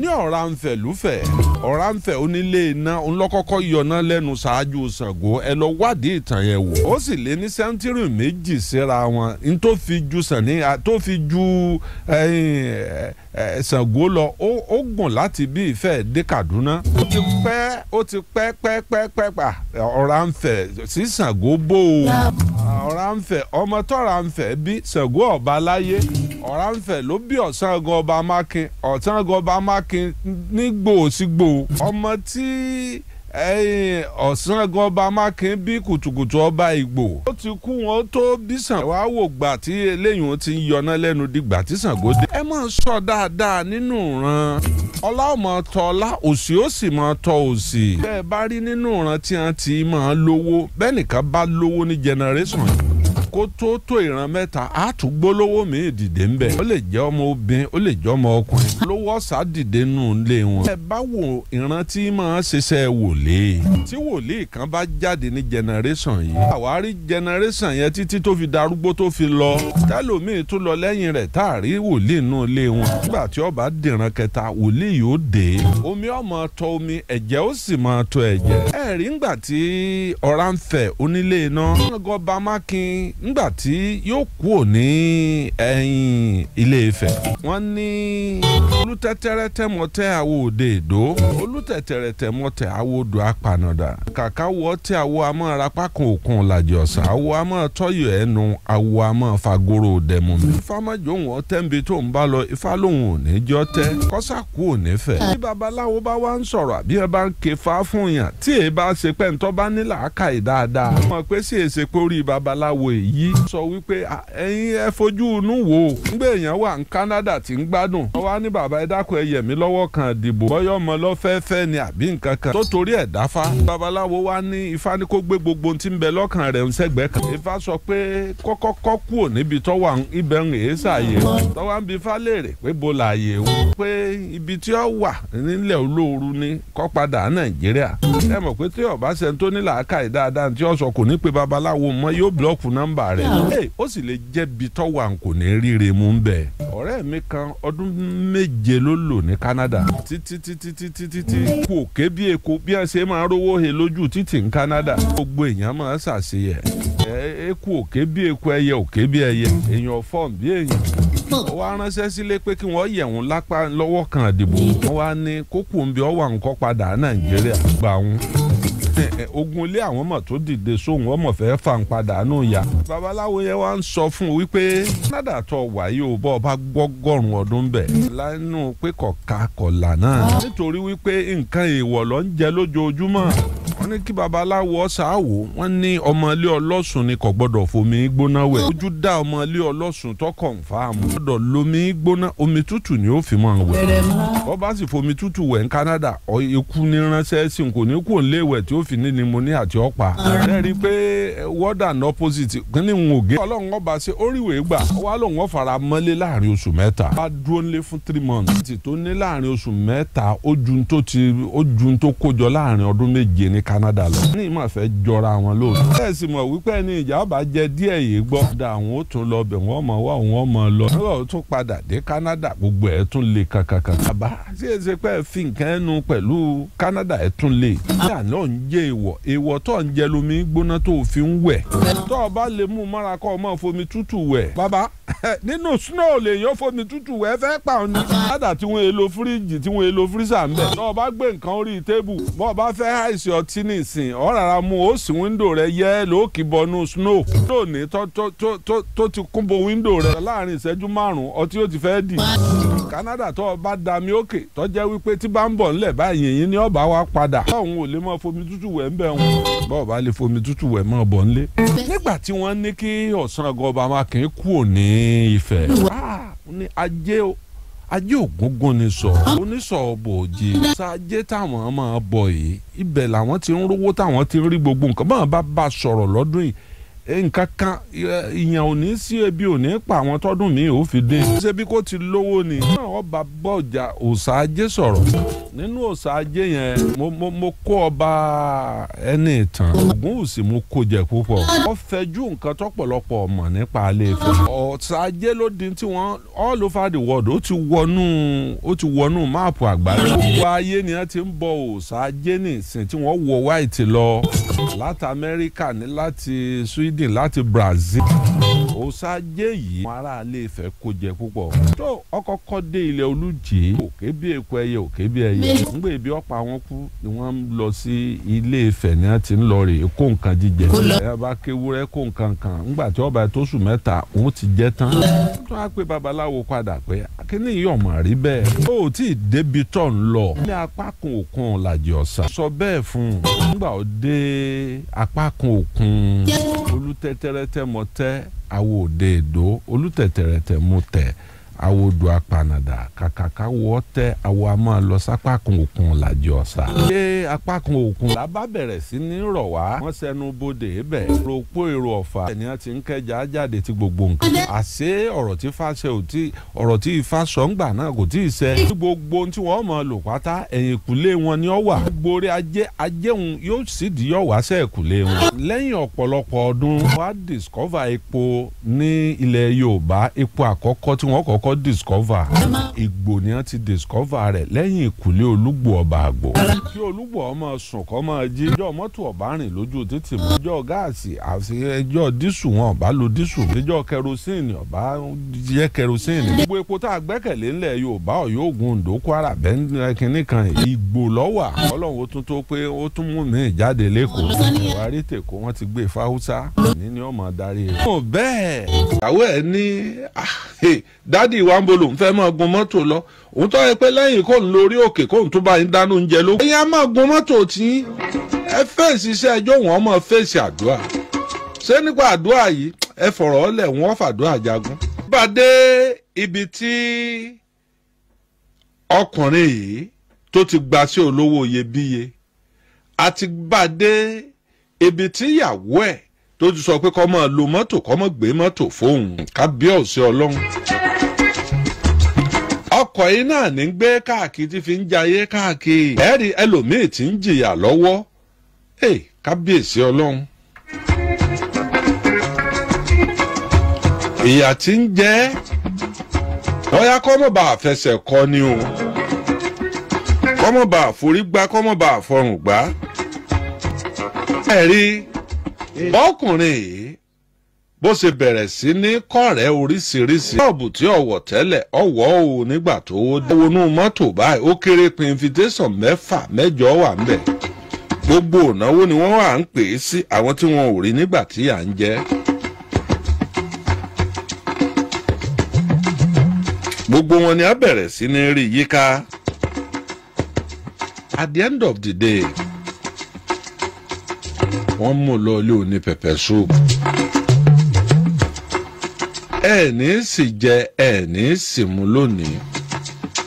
ní ọ̀rànfẹ̀ lúfẹ̀ ọ̀rànfẹ̀ onílé iná ńlọ́kọ́kọ́ yọná lẹ́nu ṣáájú Ṣàngó ẹ lọ wádìí ìtàn yẹn wò ó sì lé ní sẹ́ńtírì méjì síra wọn n tó fi ju sàní tó fi ju Ṣàngó lọ ó gùn láti bí ìfẹ́ dé Kaduna ó ti pẹ́ ó ti pẹ́ pẹ́ pẹ́ pẹ́ pa ọ̀rànfẹ̀ sí Ṣàngó bò ó ọ̀rànfẹ̀ ọmọ tọ́rànfẹ̀ bí Ṣàngó ọ̀bá láyé ọ̀ránfẹ̀ ló bí ọ̀sángan ọba mákin ọ̀sángan ọba mákin ní gbòòsígbò ọmọ tí ọ̀sángan ọba mákin bí kùtùkùtù ọba ìgbò ó ti kú wọn tó bísàn wàá wò gbà tí eléyìí ti ń yọná lẹ́nu dìgbà tí Ṣàngó dé. ẹ máa ń sọ dáadáa nínú ìran ọlá ò máa tọ ọlá òsì ó sì máa tọ òsì. bẹ́ẹ̀ bá rí nínú ìran tí wọ́n ti máa lówó bẹ́ẹ̀ nìkan bá lówó ní jẹnẹrẹ́sọ̀n yìí kó tó tó ìran mẹ́ta á tún gbólówó mi dìde ń bẹ̀. ó lè jẹ́ ọmọ obìnrin ó lè jẹ́ ọmọ ọkùnrin. lówó ọ̀sà dìde nù lé wọn. ẹ bá wo ìran tí máa ṣiṣẹ́ wòlé. tí wòlé kan bá jáde ní generation yìí. àwárí generation yẹn títí tó fi darúgbó tó fi lọ. tẹ́lómìn tún lọ lẹ́yìn rẹ̀ tá a rí wòlé nù lé wọn. nígbà tí ọba dìran kẹta wòlé yóò dé. omi ọmọ tọ omi ẹ̀jẹ̀ ó sì máa tọ ẹ̀jẹ̀. ẹ̀rí ńgbà tí ọ̀rá ń fẹ̀ onílé iná. ọ̀gọ́ bá mákin ńgbà tí yóò kúrò ní ẹ̀yìn ilé Ifẹ̀ wọ́n ní olùtẹ̀tẹ̀rẹ̀tẹ̀ mọ́tẹ́ òde èdò olùtẹ̀tẹ̀rẹ̀tẹ̀ mọ́tẹ́ odò apanada kàkà wọ́ tí àwo amọ́ arapákan òkun làjì ọ̀sà àwo amọ́ tọ́yọ̀ ẹnu àwo amọ́ fagoro òdẹ̀mú mi. fámájò wọn tẹ́ǹbi tó ń bá lọ ifá lòun ò jọ tẹ́ kọ́sà kú fẹ́. bí babaláwo bá wá ń sọ̀rọ̀ àbí ẹ bá ń ké fa fún yàn tí èé bá ṣe pẹ́ńtọ́ bá nílà á kà í dáadáa. wọ́n mọ̀ pé sí èsè pórí babaláwo yìí sọ wípé ẹ̀yin ẹ fojú inú wò ó nígbà èèyàn wà ní Canada tí ń gbádùn wọ́n wá ní bàbá ẹ dákun ẹ yẹ̀ mí lọ́wọ́ kan dìbò bọ́yọ̀ ọmọ lọ́fẹ́fẹ́ ni àbí nǹkan kan tó torí ẹ̀ dáfá babaláwo wá ní ifá ní kó gbé gbogbo tí ń bẹ lọ́kàn rẹ̀ ń sẹ́gbẹ́ kan ifá sọ pé kọ́kọ́kọ́ kúò níbi tọ́wà ibẹ̀ ń rèé sàyè tọ́wà ń bi ifá léèrè pé bo làyè o pé ibi tí ó wà nílẹ̀ olóoru ni kọ́ padà Nàìjíríà ẹ mọ̀ pé tí ọ̀bá ṣe ń tó nílà ákàì dáadáa tí ó sọ kò ní pe babaláwo mọ́ yóò blọ́ọ̀kù nọ́mb nọ́mbà o ó sì lè jẹ́ bi tọ́wà kò ní ríre mú bẹ́ẹ̀. mi kan ọdún méje ló lò ní Canada títí kú òkè bí èkó bí wọ́n ṣe máa rówó he lójú títì ní Canada gbogbo èèyàn máa ṣàṣeyẹ eku òkè bí eku ẹyẹ òkè bí ẹyẹ èèyàn fọ́ọ̀n bí èèyàn ó wá ránṣẹ́ sílé pé kí wọ́n kan àdìbò wọ́n wá ní ń bí ogun ilé àwọn ọmọ tó dìde sóhun ọmọ fẹ́ fà ń padà nù yá. babaláwo yẹn wá ń sọ fún un wípé nádà tó wáyé o bọ́ ọba gbọ́gọ́rùn ọdún bẹ̀. lánàá pé kọ̀ka kọ̀là náà nítorí wípé nǹkan èèwọ̀ ló ń jẹ lójoojúmọ́. wọ́n ní kí babaláwo ṣáàwò wọ́n ní ọmọlé ọlọ́sùn ni kò gbọ́dọ̀ fomi gbóná wẹ̀ ojú dá ọmọlé ọlọ́sùn tó kọ̀ǹfàmù gbọ́dọ̀ lomi gbóná omi tútù ni ó fi máa wẹ̀ bọ́ bá sì fomi tútù wẹ̀ ní Canada ikú ní ránṣẹ́ sí n kò ní kú òǹlé wẹ̀ tí ó fi ní nimoni àti ọ̀pá lẹ́rìí pé eh, word and opposite kí ni n ò gé ọlọ́run ọba ṣe oríwèé gbà wà lóun ọ̀ fara mọ́lé láàrin oṣù mẹ́ta bá dúró nílé fún three months ti tó ní láàrin oṣù mẹ́ta ó tó kójọ láàrin ọdún méje ní ká Canada lọ. ní ìmọ̀ fẹ́ jọra wọn lóòótọ́. bẹ́ẹ̀ sì mọ̀ wípé ẹni ìjà bá jẹ díẹ̀ yìí gbọ́. da àwọn ó tún lọ bẹ̀ wọ́n mọ̀ wá wọ́n mọ̀ lọ. nígbà tó tún padà dé Canada gbogbo ẹ̀ tún le kankankan. bàbá sí èsè pé fi nǹkan ẹnu pẹ̀lú Canada ẹ̀ tún le. nígbà náà ń jẹ èèwọ̀ èèwọ̀ tó ń jẹ lomi gbóná tó fi ń wẹ̀. tó o bá lè mú mọ́ra kọ́ ọ nínú snow lèyàn fomi tútù wẹ́ fẹ́ pa ọ́n ni. ládà tí wọ́n èlò fíríjì tí wọ́n èlò fírísà ń bẹ̀. lọ́ọ́ bá gbé nǹkan orí tébù bọ́ọ̀ bá fẹ́ àìsí ọtí nìsín ọ̀ rárá mu ó sì wíńdò rẹ yẹ lóòkì bọnú snow. snow ní tó ti kún bo wíńdò rẹ láàrin ìṣẹ́jú márùn-ún ọtí ó ti fẹ́ dì. Canada tó o bá da mi òkè tó jẹ́ wípé tí bá ń bọ̀ ńlẹ̀ báyìí èyí ni ọba wa padà. bọ́ọ̀hún ò lè mọ fomi tútù wẹ̀ ń bẹ̀ wọn. bọ́ọ̀ bá lè fomi tútù wẹ̀ mọ́ bọ̀ ńlẹ̀. nígbà tí wọ́n ní kí ọ̀sán ọgọ́ ọba máa kì í kú òní ní Ifẹ̀ ah, ní ajé o ajé ògúngún ni sọ onísọ̀ọ̀bù òjì ṣáájé táwọn máa bọ̀ yìí ibẹ̀ làwọn ti ń rówó táwọn ti ń rí gbogbo nǹkan báwọn bá bá sọ̀rọ̀ lọ́dún yìí nǹkan kan ìyàn ò ní sí ebi ò ní pa àwọn tọdún mi ò fi dé. ṣé bí kò ti lówó ni. náà ọba bọ̀jà òsàájé sọ̀rọ̀ nínú òsàájé yẹn mo kó ọba ẹni ìtàn Ògúnwùsì mo kó jẹ púpọ̀. wọ́n fẹjú nǹkan tọ́pọ̀lọpọ̀ mọ̀ nípa ilé òsàájé ló di tí wọ́n all over the world ó ti wọnú ó ti wọnú máàpù àgbáyé. gbogbo ayé ni wọ́n ti ń bọ òsàájé nìsín tí wọ́n wọ white lọ láti amẹ́ríkà ní láti sweden láti brazil òsájé yìí àwọn aráalé ìfẹ́ kó jẹ púpọ̀. tó ọkọ̀ kọ́ dé ilẹ̀ olùjì òkè bí èkó ẹyẹ òkè bí ẹyẹ. nígbà èbí ọ̀pọ̀ àwọn kú ni wọ́n ń lọ sí ilé Ifẹ̀ ni wọ́n ti ń lọ rè é kó nǹkan jíjẹ. ẹ bá kéwúrẹ́ kó nǹkan kan ńgbà tí ọba tó sùn mẹ́ta òun ti jẹ́ tán. tó a pé babaláwo padà pé kíní yìí ọmọ rí bẹ́ẹ̀. ó tí débi tọ̀ ń lọ. ilé apá òkun làjì ọ̀sà. sọ bẹ́ẹ̀ fún un. nígbà ó dé apá kan òkun olùtẹ̀tẹ̀rẹ̀tẹ̀ mọ̀tẹ́ àwòdè èdò olùtẹ̀tẹ̀rẹ̀tẹ̀ mọ̀tẹ́ awodo apanada kàkà káwọ tẹ awo a máa lọ sápá kan òkun làjọ ọ̀sà. ye apá kan òkun là bá bẹ̀rẹ̀ sí ní rọ̀ wá ọ̀fà ti ń kẹjà ti gbogbo nǹkan. Ase ọ̀rọ̀ tí fáṣẹ ò tí ọ̀rọ̀ ti ifá sọ ń gbà náà kò ti gbogbo ohun lò pátá wọn ni ó gbori ajé epo ní ilẹ̀ Yorùbá epo tí kọ́kọ́ discover ìgbò ni wọ́n ti discover rẹ̀ lẹ́yìn ìkúlé olúgbò ọba àgbò kí olúgbò ọmọ sùn kọ́ máa jí ẹjọ́ mọ́tò ọ̀bá rìn lójú títì mọ́ ẹjọ́ gáàsì àti ẹjọ́ dísù wọn ọ̀bá lo dísù ẹjọ́ kẹrosíìnì ọ̀bá jẹ́ kẹrosíìnì gbogbo epo tá a gbẹ́kẹ̀lé ńlẹ̀ Yorùbá Ọ̀yọ́ Ògùn Oǹdó Kwara bẹ́ńkínní kan ìgbò lọ́wà Ọlọ́run ó tún tó pé ó tún mú mi jáde lẹ́kọ̀ọ́ Buhari tèkó wọ́n ti gbé dádì wa ń bolo ń fẹ́ máa gun mọ́tò lọ òun tọ́ ẹ pé lẹ́yìn kò ń lórí òkè kò ń tún bá yín dáná oúnjẹ ló. ẹ̀yin á máa gun mọ́tò tí ẹ fèsì iṣẹ́ ẹjọ́ wọn máa fèsì àdúrà ṣé nípa àdúrà yìí ẹ fọ̀rọ̀ ọ́lẹ̀ wọn fàdúrà jagun. bàdé ibi tí ọkùnrin yìí tó ti gba sí olówó iyebíye àti bàdé ibi tí ìyàwó ẹ̀ tó ti sọ pé kó máa lo mọ́tò kó máa gbé mọ́tò fóun kábíọ̀sì ọlọ́run. ọkọ̀ yìí náà ní gbé káàkiri ti fi ń jayé káàkiri ẹ̀rí ẹlòmíì ń jìyà lọ́wọ́ ẹ̀ kábíyèsí ọlọ́run. ìyà tí ń jẹ́ bóyá kọ́mọ̀bà àfẹsẹ̀ kọ́ ni o kọ́mọ̀bà àforígbá kọ́mọ̀bà àfọrùngbá ẹ̀rí bọ́kùnrin yìí. bó ṣe bẹ̀rẹ̀ sí ní kọ̀rẹ́ oríṣiríṣi. ṣọ́ọ̀bù tí ọ̀wọ̀ tẹ́lẹ̀ ọ̀wọ̀ ò nígbà tó dé. wọnú mọ́tò báyìí ó kéré pé invitation mẹ́fà mẹ́jọ wà ń bẹ̀. gbogbo ìnáwó ni wọ́n wà ń pè é sí àwọn tí wọn ò rí nígbà tí à ń jẹ. gbogbo wọn ni a bẹ̀rẹ̀ sí ní rí yíká. at the end of the day wọ́n mú lọ ilé òní pẹ̀pẹ̀ soup ẹ ní sì jẹ ẹ ní sì mu lónìí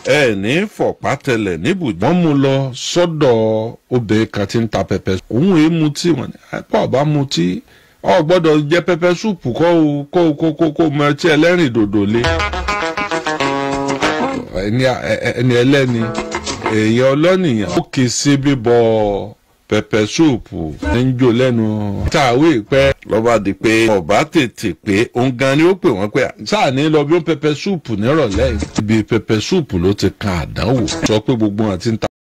ẹ ní fọ̀pá tẹlẹ̀ níbùdó. wọ́n mú lọ sọ́dọ̀ obìnrin kan tí ń ta pẹpẹ. òun èé mu tí wọ́n ní apá ọ̀bá mu tí ọ gbọ́dọ̀ jẹ pẹpẹ súùpù kó o kó kó kó mọ ẹtí ẹlẹ́rìn dòdò lé. ẹni ẹlẹ́ni èèyàn ọlọ́nìyàn ó kì sí bíbọ̀ pẹpẹ súùpù ń jò lẹ́nu. tàwé pẹ́ lọ́ba di pé ọ̀bá tètè pé òun gan ni ó pè wọ́n pé sáà ní lọ bí ó pẹpẹ súùpù nírọ̀lẹ́ ibi pẹpẹ súùpù ló ti kan àdánwò sọ pé gbogbo àti ń ta.